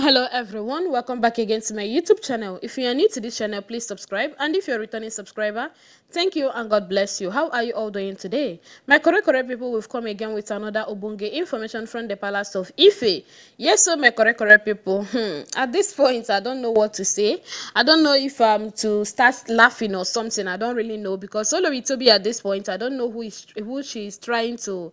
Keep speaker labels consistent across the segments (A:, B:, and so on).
A: hello everyone welcome back again to my youtube channel if you are new to this channel please subscribe and if you're a returning subscriber thank you and god bless you how are you all doing today my correct correct people we've come again with another obunge information from the palace of ife yes so my correct correct people hmm, at this point i don't know what to say i don't know if i'm to start laughing or something i don't really know because to be at this point i don't know who is who she is trying to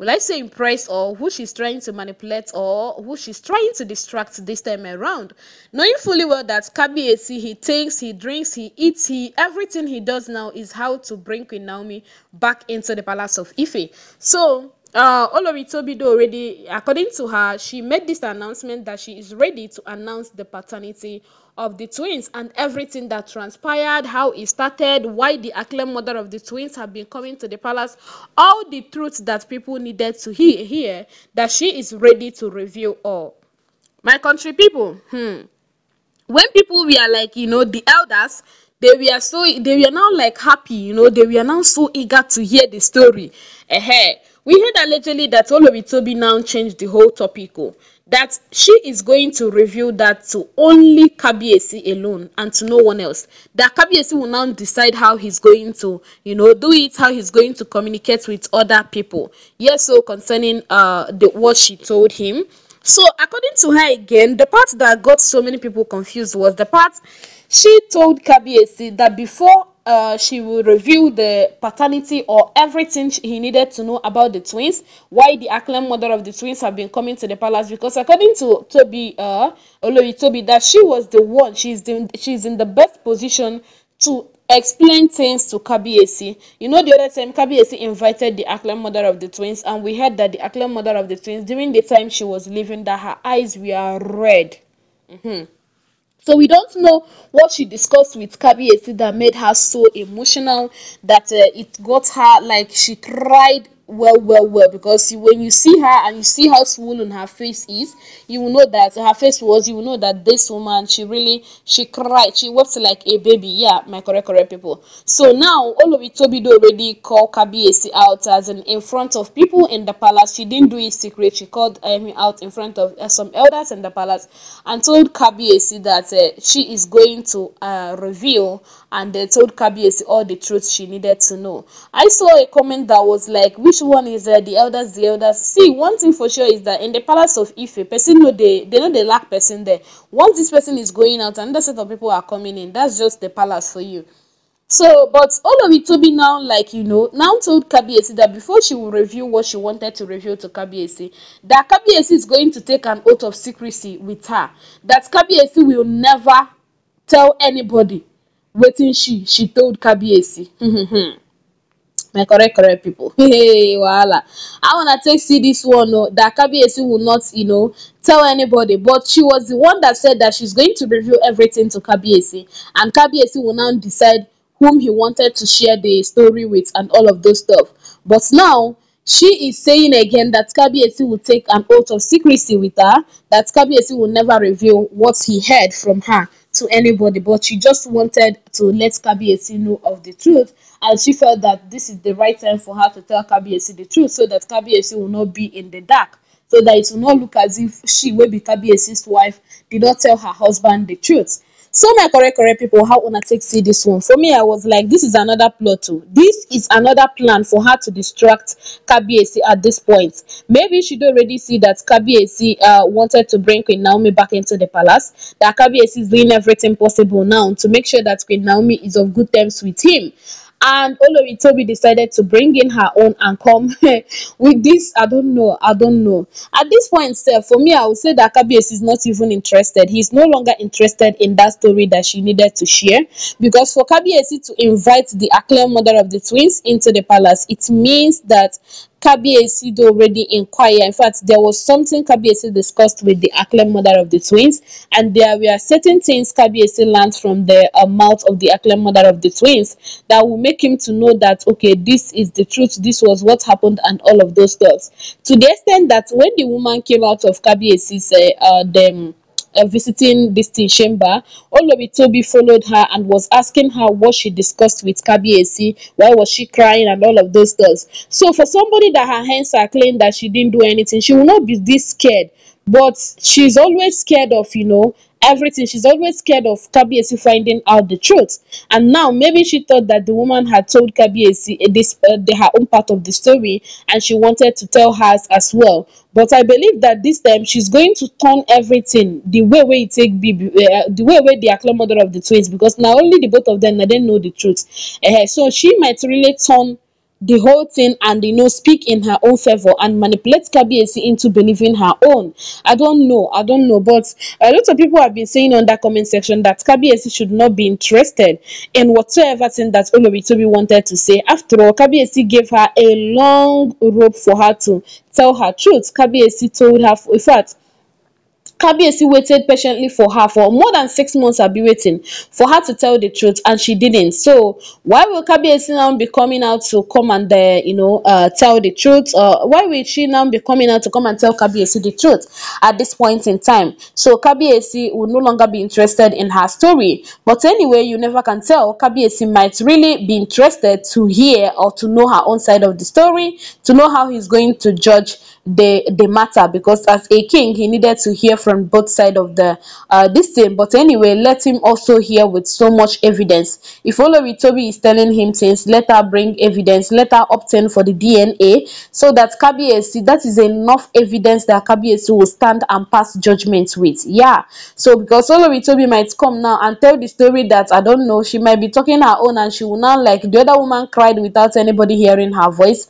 A: will I say impressed or who she's trying to manipulate or who she's trying to distract this time around. Knowing fully well that Kabiesi, he thinks, he drinks, he eats, he everything he does now is how to bring Queen Naomi back into the palace of Ife. So uh, Olori Tobido already, according to her, she made this announcement that she is ready to announce the paternity of the twins and everything that transpired, how it started, why the acclaimed mother of the twins have been coming to the palace, all the truths that people needed to hear, that she is ready to reveal all. My country people, hmm, when people we are like, you know, the elders, they were so they were now like happy you know they were now so eager to hear the story uh -huh. We heard allegedly that Oloritobi now changed the whole topic, oh, that she is going to reveal that to only Kabiesi alone and to no one else. That Kabiesi will now decide how he's going to, you know, do it, how he's going to communicate with other people. Yes, so oh, concerning uh the what she told him. So according to her again, the part that got so many people confused was the part she told Kabiesi that before uh, she will reveal the paternity or everything he needed to know about the twins, why the acclaimed mother of the twins have been coming to the palace. Because according to Toby, uh, Oloyi Toby, that she was the one, she's, the, she's in the best position to explain things to Kabiesi. You know, the other time Kabiesi invited the acclaimed mother of the twins, and we heard that the acclaimed mother of the twins, during the time she was leaving, that her eyes were red. Mm -hmm. So we don't know what she discussed with Kabi that made her so emotional that uh, it got her like she cried well well well because when you see her and you see how swollen her face is you will know that her face was you will know that this woman she really she cried she wept like a baby yeah my correct correct people so now all Toby do already called Kabiesi out as in, in front of people in the palace she didn't do it secret she called um, him um, out in front of uh, some elders in the palace and told Kabiesi that uh, she is going to uh, reveal and they told Kabiesi all the truth she needed to know I saw a comment that was like which which one is uh, the elders the elders see one thing for sure is that in the palace of ife person know they they know they lack person there once this person is going out another set of people are coming in that's just the palace for you so but all of it toby now like you know now told kabiesi that before she will review what she wanted to reveal to kabiesi that kabiesi is going to take an oath of secrecy with her that kabiesi will never tell anybody waiting she she told kabiesi my correct correct people hey wahala i wanna take see this one oh, that kbsc will not you know tell anybody but she was the one that said that she's going to reveal everything to kbsc and kbsc will now decide whom he wanted to share the story with and all of those stuff but now she is saying again that Kabiesi will take an oath of secrecy with her, that Kabiesi will never reveal what he heard from her to anybody, but she just wanted to let Kabiesi know of the truth. And she felt that this is the right time for her to tell Kabiesi the truth so that Kabiesi will not be in the dark, so that it will not look as if she, will be Kabiesi's wife, did not tell her husband the truth so my correct correct people how a take see this one for me i was like this is another plot too oh. this is another plan for her to distract kbac at this point maybe she don't already see that kbac uh, wanted to bring queen naomi back into the palace that kbac is doing everything possible now to make sure that queen naomi is of good terms with him and Olori Toby decided to bring in her own and come with this. I don't know. I don't know. At this point, sir, for me, I would say that KBS is not even interested. He's no longer interested in that story that she needed to share because for KBS to invite the acclaimed mother of the twins into the palace, it means that Kabiesi already inquired. In fact, there was something Kabiesi discussed with the Aklem mother of the twins, and there were certain things Kabiesi learned from the uh, mouth of the Aklem mother of the twins that will make him to know that, okay, this is the truth, this was what happened, and all of those thoughts. To the extent that when the woman came out of Kabiesi's, uh, uh, them, uh, visiting this chamber, Toby followed her and was asking her what she discussed with Kabiesi, why was she crying and all of those things? So for somebody that her hands are clean, that she didn't do anything, she will not be this scared but she's always scared of you know everything she's always scared of kabiesi finding out the truth and now maybe she thought that the woman had told kabiesi eh, this uh, the, her own part of the story and she wanted to tell hers as well but i believe that this time she's going to turn everything the way way it take be uh, the way way the actual mother of the twins because now only the both of them they know the truth uh, so she might really turn the whole thing and you know speak in her own favor and manipulate KBAC into believing her own. I don't know, I don't know, but a lot of people have been saying on that comment section that KBAC should not be interested in whatsoever thing that Olobitobi wanted to say. After all, KBAC gave her a long rope for her to tell her truth. KBAC told her, in fact, Kabiyesi waited patiently for her for more than six months I'll be waiting for her to tell the truth and she didn't. So why will Kabiyesi now be coming out to come and uh, you know uh, tell the truth? Uh, why will she now be coming out to come and tell Kabiyesi the truth at this point in time? So Kabiyesi will no longer be interested in her story. But anyway, you never can tell. Kabiyesi might really be interested to hear or to know her own side of the story, to know how he's going to judge the the matter because as a king he needed to hear from both side of the uh, this thing but anyway let him also hear with so much evidence if toby is telling him things let her bring evidence let her obtain for the dna so that kbac that is enough evidence that kbac will stand and pass judgment with yeah so because toby might come now and tell the story that i don't know she might be talking her own and she will not like the other woman cried without anybody hearing her voice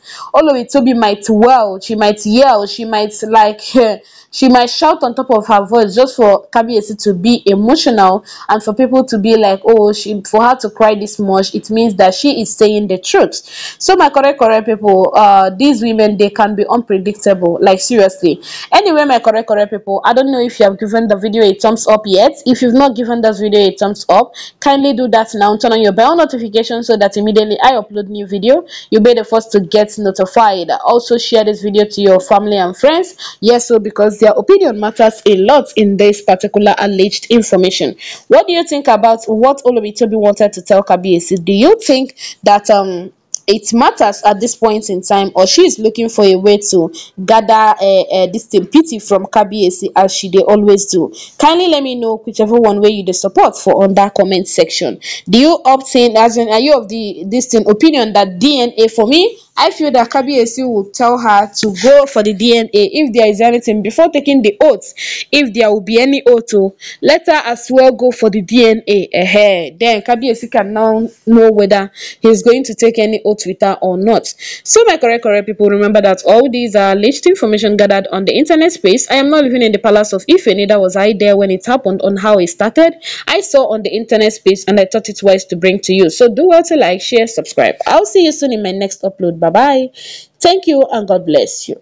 A: toby might well she might hear girl she might like she might shout on top of her voice just for Kabiyesi to be emotional and for people to be like, oh, she for her to cry this much, it means that she is saying the truth. So my correct, correct people, uh, these women, they can be unpredictable, like seriously. Anyway, my correct, correct people, I don't know if you have given the video a thumbs up yet. If you've not given this video a thumbs up, kindly do that now. Turn on your bell notification so that immediately I upload new video, you'll be the first to get notified. Also, share this video to your family and friends. Yes, so because their opinion matters a lot in this particular particular alleged information. What do you think about what Olobitobi wanted to tell Kabiesi? Do you think that um it matters at this point in time or she is looking for a way to gather uh, uh, this thing pity from KBAC as she they always do kindly let me know whichever one way you the support for on that comment section do you opt in as in are you of the this thing opinion that dna for me I feel that Kabiyesi will tell her to go for the DNA if there is anything before taking the oath. If there will be any oath, oh, let her as well go for the DNA. ahead. Then Kabiyesi can now know whether he's going to take any oath with her or not. So, my correct, correct people, remember that all these are leaked information gathered on the internet space. I am not living in the palace of Ife, neither was I there when it happened on how it started. I saw on the internet space and I thought it wise to bring to you. So, do well to like, share, subscribe. I'll see you soon in my next upload. Bye bye. Thank you and God bless you.